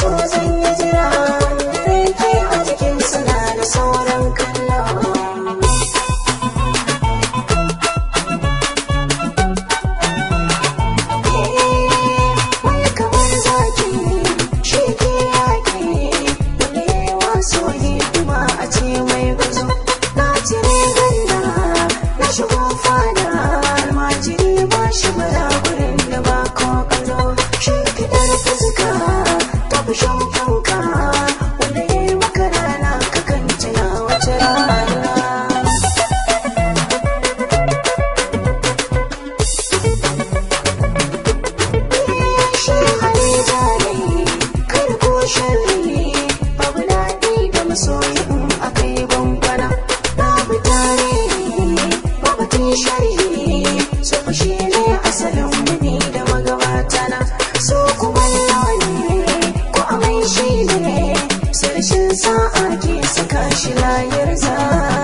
so zan yi jira shine, shine, shine, ne asalin shine, da magabata na so shine, shine, shine, ko amai shine shine, sarshin sa'a ke saka shi shine, shine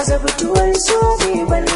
aza fituwar so mai